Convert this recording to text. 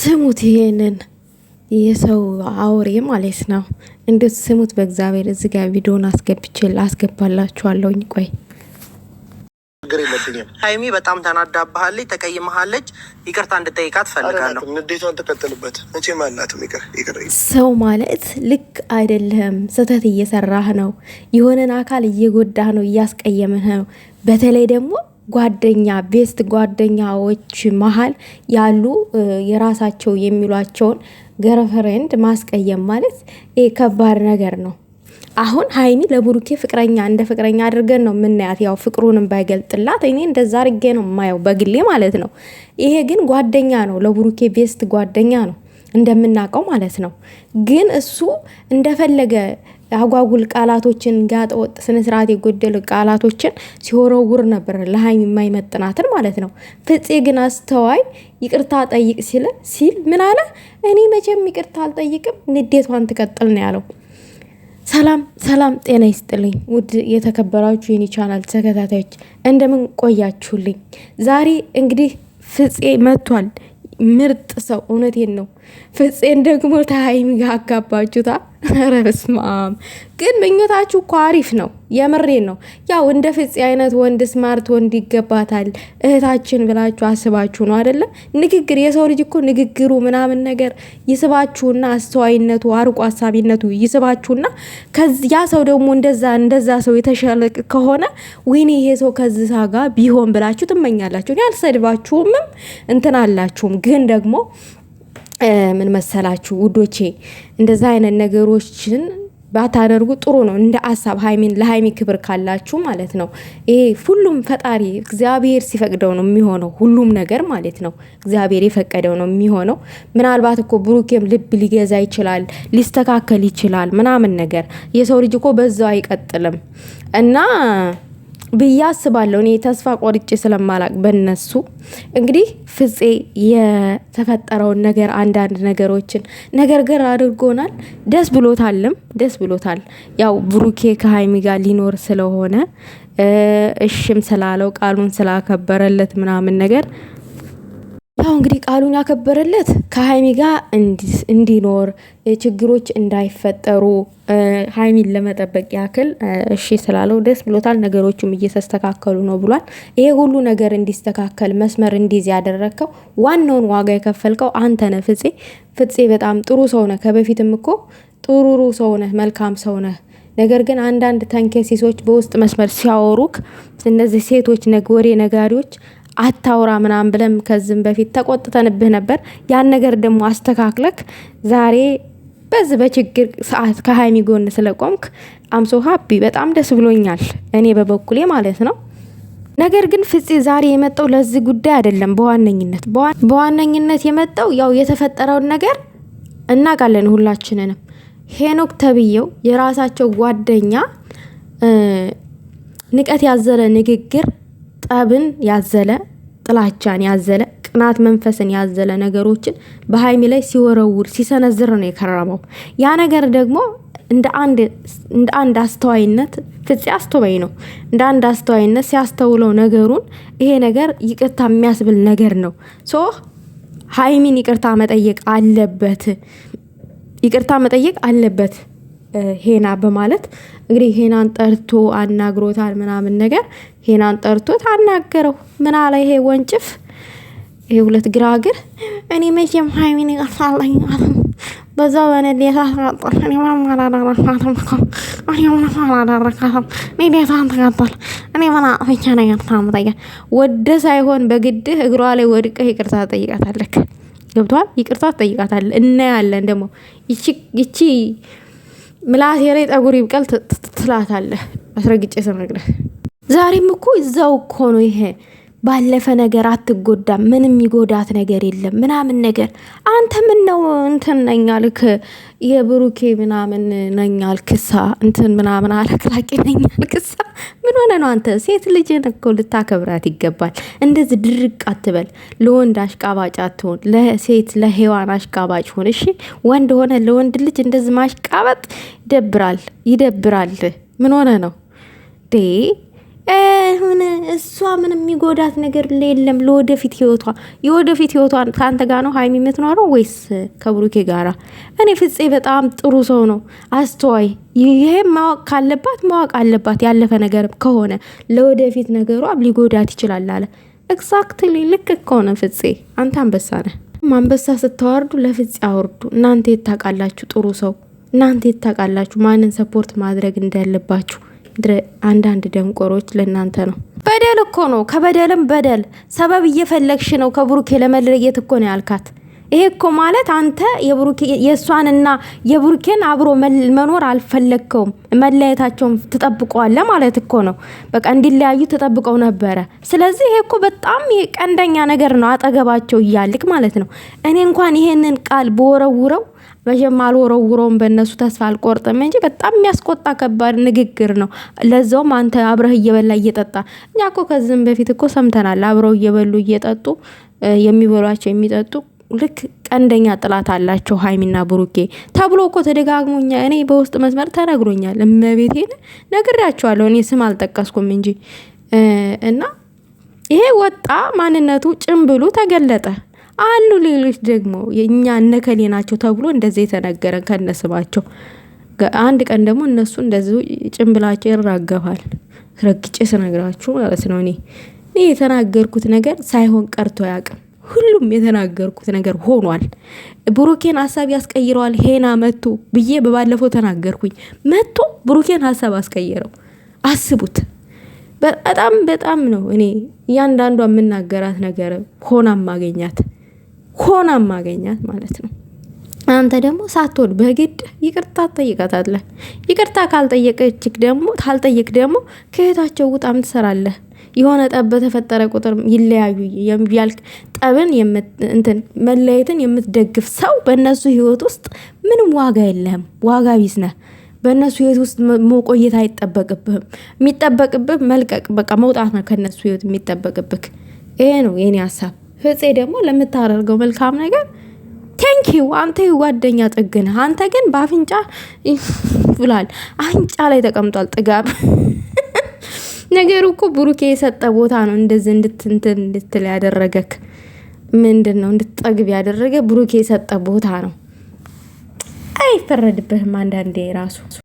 ስሙት ይሄንን የሰው አውሬ ማለት ነው። እንዴት ስሙት በእግዚአብሔር እዚህ ጋር ቪዲዮን አስገብቼ አስገባላችኋለሁኝ። ቆይ ችግር የለብኝም። ሀይሚ በጣም ተናዳባሃለች፣ ተቀይመሃለች። ይቅርታ እንድጠይቃ እፈልጋለሁ። ንዴቷን ማናትም ሰው ማለት ልክ አይደለም። ስህተት እየሰራህ ነው፣ የሆነን አካል እየጎዳህ ነው፣ እያስቀየምህ ነው። በተለይ ደግሞ ጓደኛ ቤስት ጓደኛዎች መሀል ያሉ የራሳቸው የሚሏቸውን ገርልፍሬንድ ማስቀየም ማለት ከባድ ነገር ነው። አሁን ሀይሚ ለቡሩኬ ፍቅረኛ እንደ ፍቅረኛ አድርገን ነው የምናያት። ያው ፍቅሩንም ባይገልጥላት እኔ እንደዛ አድርጌ ነው የማየው በግሌ ማለት ነው። ይሄ ግን ጓደኛ ነው፣ ለቡሩኬ ቤስት ጓደኛ ነው እንደምናውቀው ማለት ነው። ግን እሱ እንደፈለገ አጓጉል ቃላቶችን ጋጠ ወጥ ስነስርዓት የጎደል ቃላቶችን ሲወረውር ነበር፣ ለሀይሚ የማይመጥናትን ማለት ነው። ፍፄ ግን አስተዋይ ይቅርታ ጠይቅ ሲል ሲል ምን አለ? እኔ መቼም ይቅርታ አልጠይቅም፣ ንዴቷን ትቀጥል ነው ያለው። ሰላም ሰላም፣ ጤና ይስጥልኝ ውድ የተከበራችሁ የኔ ቻናል ተከታታዮች እንደምን ቆያችሁልኝ? ዛሬ እንግዲህ ፍፄ መጥቷል። ምርጥ ሰው እውነቴን ነው። ፍፄን ደግሞ ተሀይሚ ጋር አጋባችሁታ። ኧረ በስመ አብ! ግን ምኞታችሁ እኮ አሪፍ ነው። የምሬን ነው። ያው እንደ ፍፄ አይነት ወንድ ስማርት ወንድ ይገባታል እህታችን ብላችሁ አስባችሁ ነው አይደለም? ንግግር የሰው ልጅ እኮ ንግግሩ ምናምን ነገር ይስባችሁና አስተዋይነቱ፣ አርቆ ሀሳቢነቱ ይስባችሁና ያ ሰው ደግሞ እንደዛ እንደዛ ሰው የተሸለቅ ከሆነ ወይኔ ይሄ ሰው ከዝሳ ጋር ቢሆን ብላችሁ ትመኛላችሁ። እኔ አልሰድባችሁምም እንትን አላችሁም ግን ደግሞ ምን መሰላችሁ ውዶቼ፣ እንደዛ አይነት ነገሮችን ባታደርጉ ጥሩ ነው። እንደ አሳብ ሀይሚን ለሀይሚ ክብር ካላችሁ ማለት ነው። ይሄ ሁሉም ፈጣሪ እግዚአብሔር ሲፈቅደው ነው የሚሆነው። ሁሉም ነገር ማለት ነው እግዚአብሔር የፈቀደው ነው የሚሆነው። ምናልባት እኮ ብሩኬም ልብ ሊገዛ ይችላል፣ ሊስተካከል ይችላል ምናምን ነገር የሰው ልጅ እኮ በዛው አይቀጥልም እና ብዬ አስባለሁ። እኔ ተስፋ ቆርጬ ስለማላቅ በነሱ እንግዲህ ፍፄ የተፈጠረውን ነገር አንዳንድ ነገሮችን ነገር ግር አድርጎናል። ደስ ብሎታልም ደስ ብሎታል። ያው ብሩኬ ከሀይሚ ጋር ሊኖር ስለሆነ እሽም ስላለው ቃሉን ስላከበረለት ምናምን ነገር ያው እንግዲህ ቃሉን ያከበረለት ከሀይሚ ጋር እንዲኖር ችግሮች እንዳይፈጠሩ ሀይሚን ለመጠበቅ ያክል እሺ ስላለው ደስ ብሎታል። ነገሮቹም እየተስተካከሉ ነው ብሏል። ይሄ ሁሉ ነገር እንዲስተካከል መስመር እንዲዝ ያደረግከው ዋናውን ዋጋ የከፈልከው አንተ ነህ ፍፄ። ፍፄ በጣም ጥሩ ሰው ነህ። ከበፊትም እኮ ጥሩሩ ሰው ነህ፣ መልካም ሰው ነህ። ነገር ግን አንዳንድ ተንኬሲሶች በውስጥ መስመር ሲያወሩክ እነዚህ ሴቶች ወሬ ነጋሪዎች አታውራ ምናምን ብለን ከዚህም በፊት ተቆጥተንብህ ነበር። ያን ነገር ደግሞ አስተካክለክ ዛሬ በዚህ በችግር ሰዓት ከሀይሚ ጎን ስለቆምክ አምሶ ሀቢ በጣም ደስ ብሎኛል፣ እኔ በበኩሌ ማለት ነው። ነገር ግን ፍፄ ዛሬ የመጣው ለዚህ ጉዳይ አይደለም። በዋነኝነት በዋነኝነት የመጣው ያው የተፈጠረውን ነገር እናውቃለን ሁላችንንም። ሄኖክ ተብዬው የራሳቸው ጓደኛ ንቀት ያዘለ ንግግር ጠብን ያዘለ ጥላቻን ያዘለ ቅናት መንፈስን ያዘለ ነገሮችን በሀይሚ ላይ ሲወረውር ሲሰነዝር ነው የከረመው። ያ ነገር ደግሞ እንደ አንድ አስተዋይነት ፍፄ አስተዋይ ነው። እንደ አንድ አስተዋይነት ሲያስተውለው ነገሩን ይሄ ነገር ይቅርታ የሚያስብል ነገር ነው። ሶ ሀይሚን ይቅርታ መጠየቅ አለበት፣ ይቅርታ መጠየቅ አለበት። ሄና በማለት እንግዲህ ሄናን ጠርቶ አናግሮታል ምናምን ነገር ሄናን ጠርቶ ታናገረው ምን አለ ይሄ ወንጭፍ ይሄ ሁለት ግራግር እኔ መቼም ሀይሚን ይቀርሳለኝ በዛ በንዴት አስቀጠል እኔ ምንም አላደረካትም እኔ ምንም አላደረካትም ንዴት አንተቀጠል እኔ ምን አጥፍቼ ነገር ታምጠያ ወደ ሳይሆን በግድህ እግሯ ላይ ወድቀህ ይቅርታ ጠይቃታለክ ገብቶሃል ይቅርታ ትጠይቃታለህ እናያለን ደግሞ ይቺ ምላሴ ላይ ጠጉር ይብቀል ትላታለህ። አስረግጬ ስነግርህ ዛሬም እኮ እዛው እኮ ነው ይሄ ባለፈ ነገር አትጎዳም፣ ምንም የሚጎዳት ነገር የለም ምናምን ነገር አንተ ምን ነው እንትን ነኝ አልክ፣ የብሩኬ ምናምን ነኝ አልክሳ እንትን ምናምን አለቅላቂ ነኝ አልክሳ። ምን ሆነ ነው አንተ? ሴት ልጅን እኮ ልታከብራት ይገባል። እንደዚህ ድርቅ አትበል። ለወንድ አሽቃባጭ አትሆን፣ ለሴት ለሔዋን አሽቃባጭ ሆን። እሺ ወንድ ሆነ ለወንድ ልጅ እንደዚህ ማሽቃበጥ ይደብራል፣ ይደብራል። ምን ሆነ ነው ዴ ሁን እሷ ምን የሚጎዳት ነገር የለም። ለወደፊት ህይወቷ የወደፊት ህይወቷ ከአንተ ጋር ነው ሀይሚ የምትኖረው ወይስ ከብሩኬ ጋራ? እኔ ፍፄ በጣም ጥሩ ሰው ነው፣ አስተዋይ። ይሄ ማወቅ ካለባት ማወቅ አለባት። ያለፈ ነገር ከሆነ ለወደፊት ነገሯ ሊጎዳት ይችላል አለ። ኤግዛክትሊ ልክ ከሆነ ፍፄ አንተ አንበሳ ነ አንበሳ ስታወርዱ ለፍፄ አውርዱ። እናንተ የታውቃላችሁ ጥሩ ሰው እናንተ የታውቃላችሁ ማንን ሰፖርት ማድረግ እንዳለባችሁ አንዳንድ ደንቆሮች ለእናንተ ነው። በደል እኮ ነው፣ ከበደልም በደል ሰበብ እየፈለግሽ ነው። ከብሩኬ ለመለየት እኮ ነው ያልካት። ይሄ እኮ ማለት አንተ የእሷንና የብሩኬን አብሮ መኖር አልፈለግከውም፣ መለያየታቸውን ትጠብቀዋለ ማለት እኮ ነው። በቃ እንዲለያዩ ተጠብቀው ነበረ። ስለዚህ ይሄ እኮ በጣም ቀንደኛ ነገር ነው፣ አጠገባቸው እያልክ ማለት ነው። እኔ እንኳን ይሄንን ቃል በወረውረው መቼም አልወረውረውም፣ በእነሱ ተስፋ አልቆርጥም እንጂ በጣም የሚያስቆጣ ከባድ ንግግር ነው። ለዛውም አንተ አብረህ እየበላ እየጠጣ እኛ እኮ ከዚህም በፊት እኮ ሰምተናል። አብረው እየበሉ እየጠጡ የሚበሏቸው የሚጠጡ ልክ ቀንደኛ ጥላት አላቸው ሀይሚና ብሩኬ ተብሎ እኮ ተደጋግሞኛ እኔ በውስጥ መስመር ተነግሮኛል። እመቤቴን ነግሬያቸዋለሁ። እኔ ስም አልጠቀስኩም እንጂ እና ይሄ ወጣ ማንነቱ ጭምብሉ ተገለጠ። አሉ ሌሎች ደግሞ የእኛ እነከሌ ናቸው ተብሎ እንደዚህ የተነገረን ከነስማቸው አንድ ቀን ደግሞ እነሱ እንደዚሁ ጭንብላቸው ይራገፋል። ረግጬ ስነግራችሁ ማለት ነው። እኔ እኔ የተናገርኩት ነገር ሳይሆን ቀርቶ አያውቅም። ሁሉም የተናገርኩት ነገር ሆኗል። ብሩኬን ሀሳብ ያስቀይረዋል ሄና መቶ ብዬ በባለፈው ተናገርኩኝ። መቶ ብሩኬን ሀሳብ አስቀይረው። አስቡት። በጣም በጣም ነው። እኔ እያንዳንዷ የምናገራት ነገር ሆና ማገኛት ሆና ማገኛት ማለት ነው። አንተ ደግሞ ሳትወድ በግድ ይቅርታ ትጠይቃታለህ። ይቅርታ ካልጠየቀችክ ደግሞ ካልጠየቅ ደግሞ ከህይወታቸው ውጣም ትሰራለህ። የሆነ ጠብ በተፈጠረ ቁጥር ይለያዩ ያልክ ጠብን እንትን መለየትን የምትደግፍ ሰው በእነሱ ህይወት ውስጥ ምንም ዋጋ የለህም። ዋጋ ቢስ ነህ። በእነሱ ህይወት ውስጥ መቆየት አይጠበቅብህም። የሚጠበቅብህ መልቀቅ፣ በቃ መውጣት ነው ከእነሱ ህይወት የሚጠበቅብህ። ይሄ ነው የኔ ሀሳብ። ህፄ ደግሞ ለምታደርገው መልካም ነገር ቴንኪው። አንተ ጓደኛ ጥግ ነህ። አንተ ግን በአፍንጫ ብሏል። አንጫ ላይ ተቀምጧል ጥጋብ ነገሩ እኮ ብሩኬ የሰጠ ቦታ ነው እንደዚህ እንድትንትን እንድትል ያደረገክ ምንድን ነው እንድትጠግብ ያደረገ ብሩኬ የሰጠ ቦታ ነው። አይፈረድብህም አንዳንዴ ራሱ